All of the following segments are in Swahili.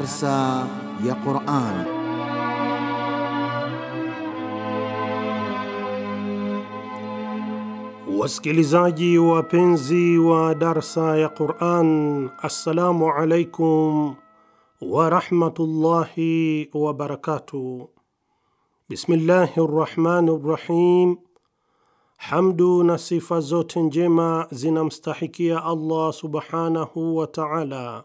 darsa ya Qur'an. Wasikilizaji wapenzi wa darsa ya Qur'an, assalamu alaikum wa wabarakatuh wa barakatuh. Bismillahi rrahmani rrahim. Hamdu na sifa zote njema zinamstahikia Allah subhanahu wa ta'ala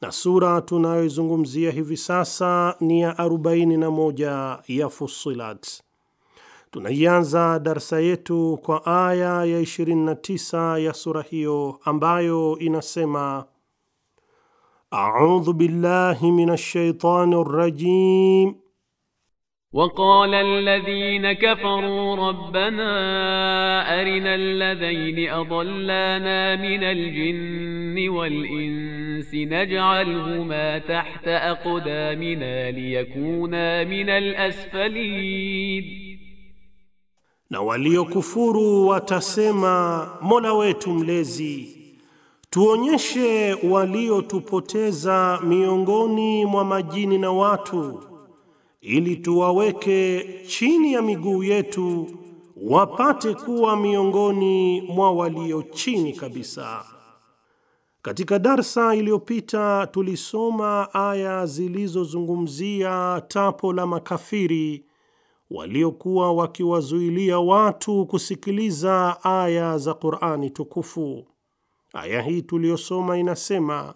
na sura tunayoizungumzia hivi sasa ni ya 41 ya Fussilat. Tunaianza darsa yetu kwa aya ya 29 ya sura hiyo ambayo inasema: audhu billahi minash shaitani rrajim وقال الذين كفروا ربنا أرنا الذين أضلانا من الجن والإنس نجعلهما تحت أقدامنا ليكونا من الأسفلين na waliokufuru watasema Mola wetu mlezi tuonyeshe waliotupoteza miongoni mwa majini na watu ili tuwaweke chini ya miguu yetu wapate kuwa miongoni mwa walio chini kabisa. Katika darsa iliyopita tulisoma aya zilizozungumzia tapo la makafiri waliokuwa wakiwazuilia watu kusikiliza aya za Qur'ani tukufu. Aya hii tuliyosoma inasema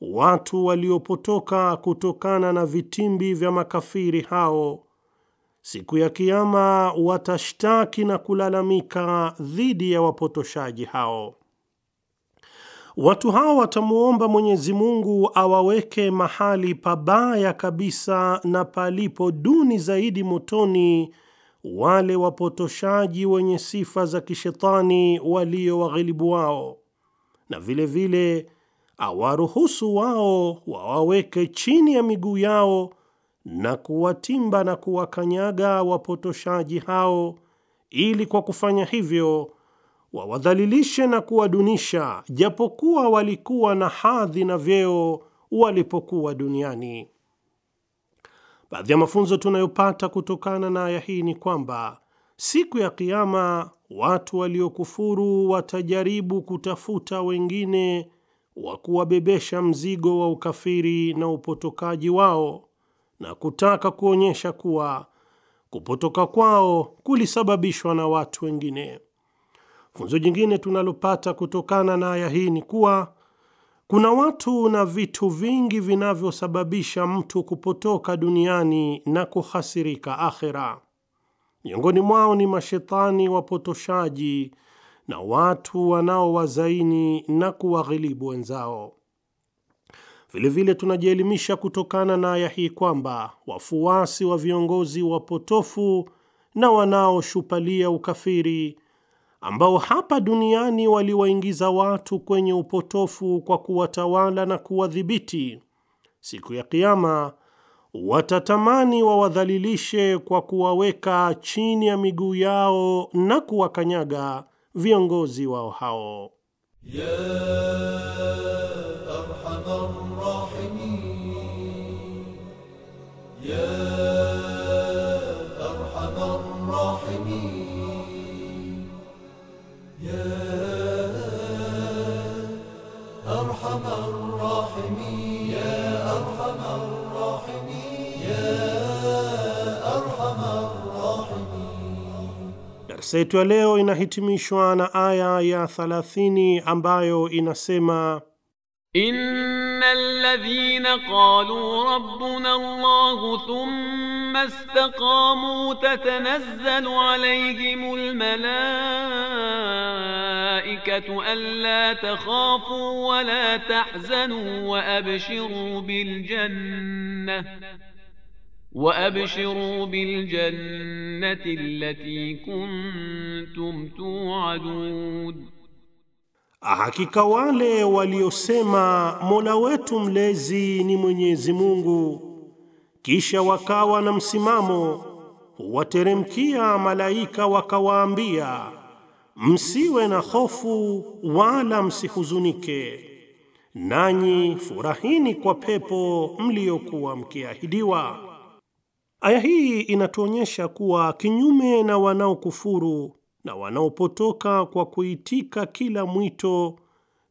watu waliopotoka kutokana na vitimbi vya makafiri hao. Siku ya Kiama watashtaki na kulalamika dhidi ya wapotoshaji hao. Watu hao watamwomba Mwenyezi Mungu awaweke mahali pabaya kabisa na palipo duni zaidi motoni wale wapotoshaji wenye sifa za kishetani waghilibu wao, na vilevile vile, awaruhusu wao wawaweke chini ya miguu yao na kuwatimba na kuwakanyaga wapotoshaji hao, ili kwa kufanya hivyo wawadhalilishe na kuwadunisha, japokuwa walikuwa na hadhi na vyeo walipokuwa duniani. Baadhi ya mafunzo tunayopata kutokana na aya hii ni kwamba siku ya Kiama watu waliokufuru watajaribu kutafuta wengine wa kuwabebesha mzigo wa ukafiri na upotokaji wao na kutaka kuonyesha kuwa kupotoka kwao kulisababishwa na watu wengine. Funzo jingine tunalopata kutokana na aya hii ni kuwa kuna watu na vitu vingi vinavyosababisha mtu kupotoka duniani na kuhasirika akhera. Miongoni mwao ni mashetani wapotoshaji na watu wanaowazaini na kuwaghilibu wenzao. Vilevile tunajielimisha kutokana na aya hii kwamba wafuasi wa viongozi wapotofu na wanaoshupalia ukafiri ambao hapa duniani waliwaingiza watu kwenye upotofu kwa kuwatawala na kuwadhibiti, siku ya Kiama watatamani wawadhalilishe kwa kuwaweka chini ya miguu yao na kuwakanyaga viongozi wao hao. Ya arhamar rahimin, Darsa yetu ya leo inahitimishwa na aya ya 30 ambayo inasema Innal ladhina qalu rabbuna Allah thumma istaqamu tatanazzalu alayhim malaikatu alla takhafu wa la tahzanu wa abshiru biljannah وأبشروا بالجنة التي كنتم توعدون hakika wale waliosema Mola wetu mlezi ni Mwenyezi Mungu, kisha wakawa na msimamo, wateremkia malaika wakawaambia, msiwe na hofu wala msihuzunike, nanyi furahini kwa pepo mliokuwa mkiahidiwa Aya hii inatuonyesha kuwa kinyume na wanaokufuru na wanaopotoka kwa kuitika kila mwito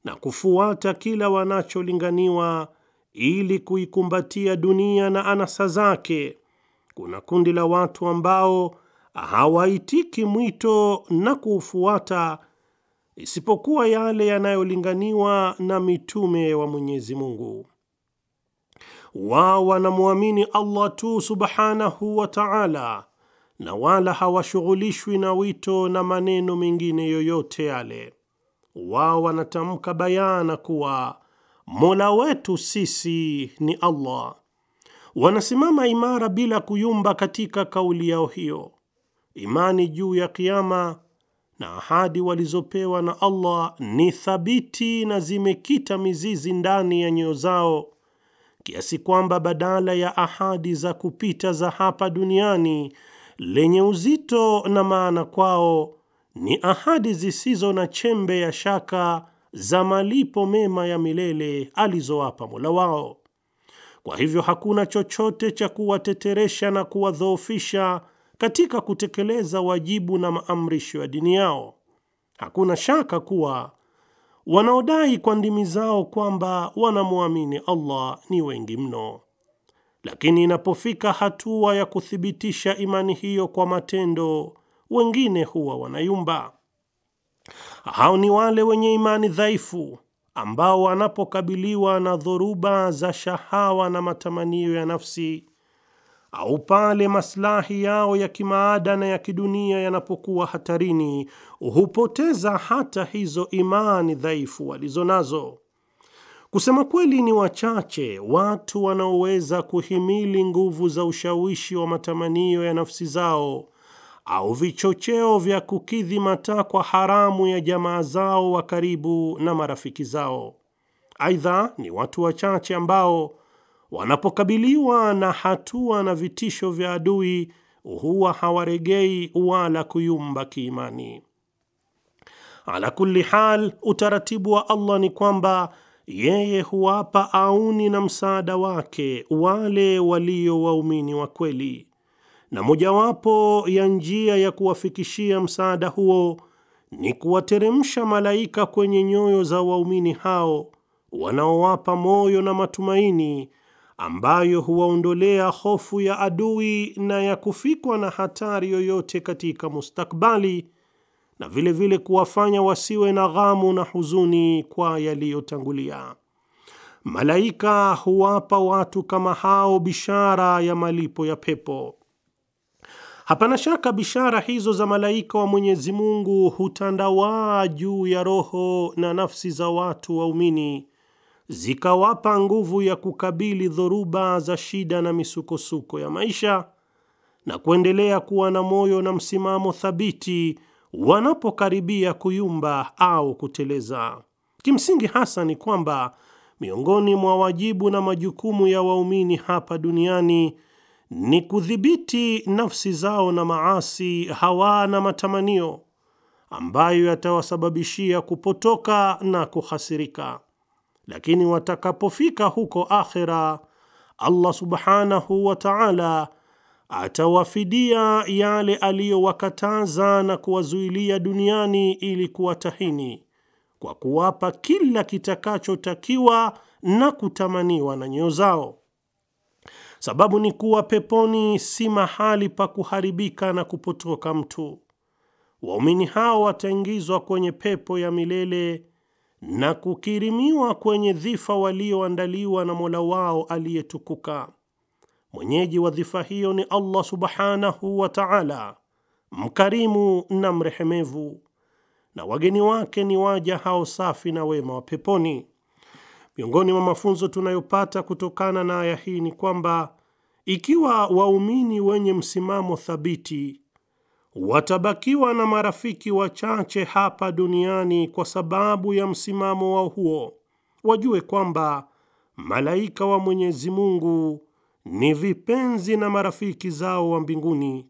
na kufuata kila wanacholinganiwa ili kuikumbatia dunia na anasa zake, kuna kundi la watu ambao hawaitiki mwito na kuufuata isipokuwa yale yanayolinganiwa na mitume wa Mwenyezi Mungu wao wanamwamini Allah tu subhanahu wa ta'ala, na wala hawashughulishwi na wito na maneno mengine yoyote yale. Wao wanatamka bayana kuwa Mola wetu sisi ni Allah. Wanasimama imara bila kuyumba katika kauli yao hiyo. Imani juu ya Kiama na ahadi walizopewa na Allah ni thabiti na zimekita mizizi ndani ya nyoyo zao kiasi kwamba badala ya ahadi za kupita za hapa duniani lenye uzito na maana kwao ni ahadi zisizo na chembe ya shaka za malipo mema ya milele alizowapa Mola wao. Kwa hivyo hakuna chochote cha kuwateteresha na kuwadhoofisha katika kutekeleza wajibu na maamrisho ya dini yao. Hakuna shaka kuwa Wanaodai kwa ndimi zao kwamba wanamwamini Allah ni wengi mno, lakini inapofika hatua ya kuthibitisha imani hiyo kwa matendo, wengine huwa wanayumba. Hao ni wale wenye imani dhaifu ambao wanapokabiliwa na dhoruba za shahawa na matamanio ya nafsi au pale maslahi yao ya kimaada na ya kidunia yanapokuwa hatarini, hupoteza hata hizo imani dhaifu walizo nazo. Kusema kweli, ni wachache watu wanaoweza kuhimili nguvu za ushawishi wa matamanio ya nafsi zao au vichocheo vya kukidhi matakwa haramu ya jamaa zao wa karibu na marafiki zao. Aidha, ni watu wachache ambao wanapokabiliwa na hatua na vitisho vya adui huwa hawaregei wala kuyumba kiimani. Ala kulli hal, utaratibu wa Allah ni kwamba yeye huwapa auni na msaada wake wale walio waumini wa kweli, na mojawapo ya njia ya kuwafikishia msaada huo ni kuwateremsha malaika kwenye nyoyo za waumini hao wanaowapa moyo na matumaini ambayo huwaondolea hofu ya adui na ya kufikwa na hatari yoyote katika mustakbali na vile vile kuwafanya wasiwe na ghamu na huzuni kwa yaliyotangulia. Malaika huwapa watu kama hao bishara ya malipo ya pepo. Hapana shaka bishara hizo za malaika wa Mwenyezi Mungu hutandawaa juu ya roho na nafsi za watu waumini zikawapa nguvu ya kukabili dhoruba za shida na misukosuko ya maisha na kuendelea kuwa na moyo na msimamo thabiti wanapokaribia kuyumba au kuteleza. Kimsingi hasa ni kwamba miongoni mwa wajibu na majukumu ya waumini hapa duniani ni kudhibiti nafsi zao na maasi, hawa na matamanio ambayo yatawasababishia kupotoka na kuhasirika lakini watakapofika huko akhera, Allah subhanahu wa ta'ala atawafidia yale aliyowakataza na kuwazuilia duniani ili kuwatahini kwa kuwapa kila kitakachotakiwa na kutamaniwa na nyoyo zao. Sababu ni kuwa peponi si mahali pa kuharibika na kupotoka mtu. Waumini hao wataingizwa kwenye pepo ya milele na kukirimiwa kwenye dhifa walioandaliwa na Mola wao aliyetukuka. Mwenyeji wa dhifa hiyo ni Allah subhanahu wa ta'ala, mkarimu na mrehemevu, na wageni wake ni waja hao safi na wema wa peponi. Miongoni mwa mafunzo tunayopata kutokana na aya hii ni kwamba ikiwa waumini wenye msimamo thabiti watabakiwa na marafiki wachache hapa duniani kwa sababu ya msimamo wao huo. Wajue kwamba malaika wa Mwenyezi Mungu ni vipenzi na marafiki zao wa mbinguni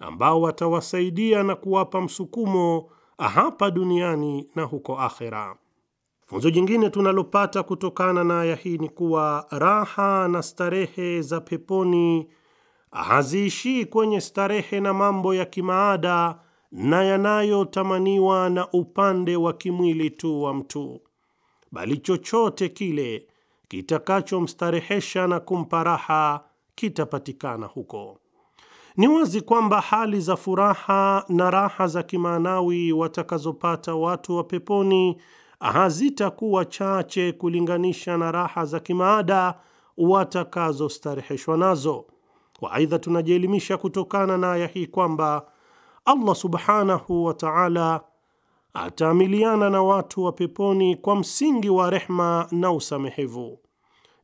ambao watawasaidia na kuwapa msukumo hapa duniani na huko akhera. Funzo jingine tunalopata kutokana na aya hii ni kuwa raha na starehe za peponi haziishii kwenye starehe na mambo ya kimaada na yanayotamaniwa na upande wa kimwili tu wa mtu, bali chochote kile kitakachomstarehesha na kumpa raha kitapatikana huko. Ni wazi kwamba hali za furaha na raha za kimaanawi watakazopata watu wa peponi hazitakuwa chache kulinganisha na raha za kimaada watakazostareheshwa nazo. Wa aidha, tunajielimisha kutokana na aya hii kwamba Allah subhanahu wa ta'ala ataamiliana na watu wa peponi kwa msingi wa rehma na usamehevu,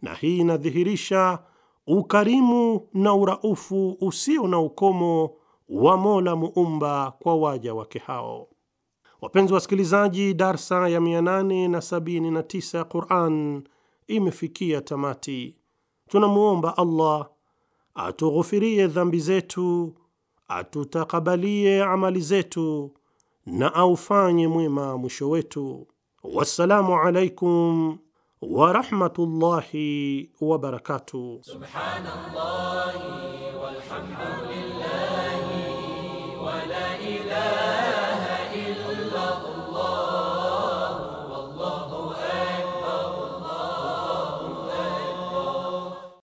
na hii inadhihirisha ukarimu na uraufu usio na ukomo wa Mola muumba kwa waja wake hao. Wapenzi wasikilizaji, darsa ya 879 ya Qur'an imefikia tamati. Tunamwomba Allah atughufirie dhambi zetu, atutakabalie amali zetu na aufanye mwema mwisho wetu. Wassalamu alaikum wa rahmatullahi wa barakatuh. Subhanallah.